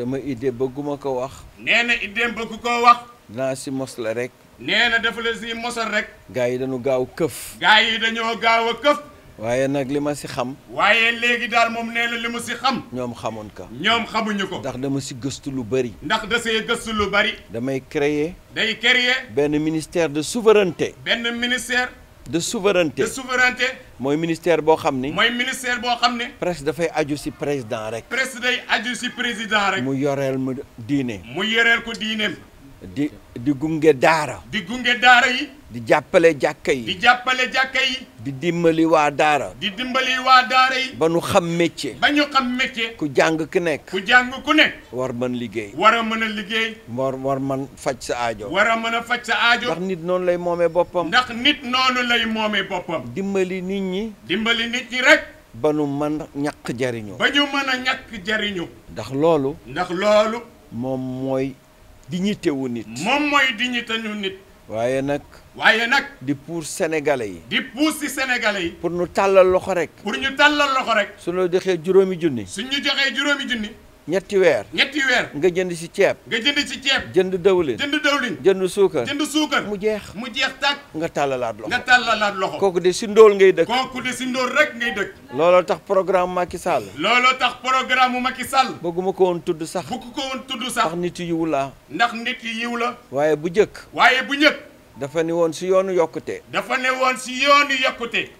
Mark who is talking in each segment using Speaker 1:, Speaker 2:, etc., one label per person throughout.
Speaker 1: sama idée bëgguma beaucoup wax. nee na idée bëgg koo wax. na si mos la rek. nee na dafa la si mosal rek. de yi dañu gaaw këf. gars yi dañoo gaaw a këf. waaye li ma si xam. waye léegi dal mom nee na li mu si xam. ñom xamoon ka ñom xamuñu ko. ndax dama si gëstu lu bari. ndax da sey gëstu lu bari. damay créer. day créer. ben ministère de souveraineté. ben ministère. de souveraineté de souveraineté. mooy ministère boo xam ni. mooy ministère boo xam ne. presse dafay aju ci président rek. presse day aju ci président rek. mu mu mu ko di di di yi. di jàppale jàkka yi. di jàppale jàkka yi. di dimbali waa daara. di dimbali waa daara yi. ba nu xam métier. ba ñu xam métier. ku jàng ki nekk. ku jàng ku nekk. war mën liggéey. war a mën a liggéey. war war mën faj sa aajo. war a mën a faj sa aajo. ndax nit noonu lay moomee boppam. ndax nit noonu lay moome boppam. dimbali nit ñi. dimbali nit ñi rek. ba nu mën ñàkk jariñoo ba ñu mën a jariñoo ndax loolu. ndax loolu. moom mooy dignité nit. moom mooy dignité nit. waaye nag. waaye nag. di pour sénégalais yi. di pour si sénégalais yi. pour ñu tàllal loxo rek. pour ñu tàllal loxo rek. su ñu joxee juróomi junni. su ñu joxee juróomi junni. ñetti weer ñetti nga jënd ci ceeb nga jënd ci ceeb jënd dawlin jënd dawlin jënd suukar jënd suukar mu jeex mu jeex tàkk nga tàllalaat loxo nga tàllalaat loxo kooku de ci ndóol ngay dëkk kooku de ci ndóol rek ngay dëkk looloo tax programme Macky Sall looloo tax programme mu Macky Sall bëgguma ko woon tudd sax bëgg ko woon tudd sax ndax nit yiw la ndax nit yiw la waaye bu njëkk waaye bu njëkk dafa ne woon ci yoonu yokkute dafa ne woon ci yoonu yokkute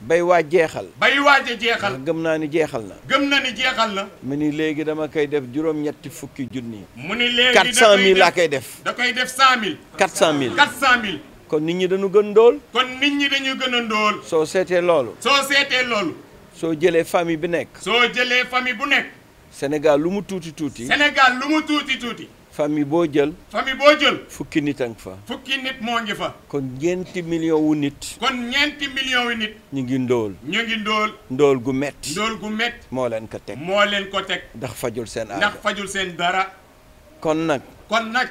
Speaker 1: bay waa jeexal bay waaja jeexal gëm naa ni jeexal na gëm na ni jeexal na mu ni léegi dama koy def juróom-ñetti fukki junni mu ni léegi quatre cent mille laa koy def da koy def cent mille quatre cent mille quatre kon nit ñi dañu gën ndóol kon nit ñi dañu gën a ndóol soo seetee loolu soo seetee loolu soo jëlee famille bi nekk soo jëlee famille bu nekk Sénégal lu mu tuuti tuuti Sénégal lu mu tuuti tuuti famille boo jël. famille boo jël. fukki nit a ngi fa. fukki nit moo ngi fa. kon ñeenti million wu nit. kon ñeenti million wu nit. ñu ngi ndóol. ñu ngi ndóol. ndóol gu métti. ndóol gu métti. moo leen ko teg. moo leen ko teg. ndax fajul seen. ndax fajul seen dara. kon nag. kon nag.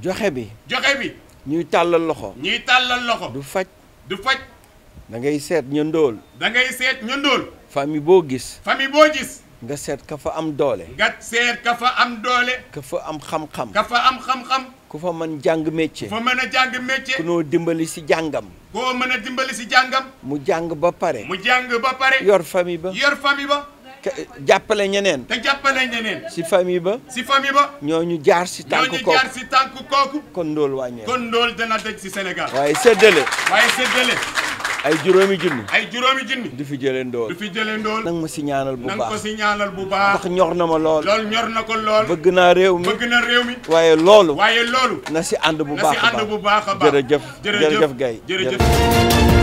Speaker 1: joxe bi. joxe bi. ñuy tàllal loxo. ñuy tàllal loxo. du faj. du faj. dangay seet ñu ndóol. da seet ñu ndóol. famille boo gis. famille boo gis. nga seet ka fa am doole. nga seet ka fa am doole. ka fa am xam-xam. ka fa am xam-xam. ku fa mën jàng métier. ku mën a jàng métier. ku noo dimbali si jàngam. koo mën a dimbali si jàngam. mu jàng ba pare. mu jàng ba pare. yor famille ba. yor famille ba. jàppale ñeneen. te jàppale ñeneen. si famille ba. si famille ba. ñooñu jaar si tànk kooku jaar si tànk kooku. kon loolu wàññeeku. kon loolu dana dëj si Sénégal. waaye séddale. waaye séddale. ay juróomi junni. ay juróomi junni. du fi jëlee ndool. du fi jëlee ndool. na nga ma si ñaanal bu baax na nga si ñaanal bu baax. ndax ñor na ma lool. ñor na ko lool. bëgg naa réew mi bëgg réew mi. waaye loolu. waaye loolu. na si ànd bu baax a baax na si ànd bu baax a baax. jërëjëf jërëjëf Gaye jërëjëf.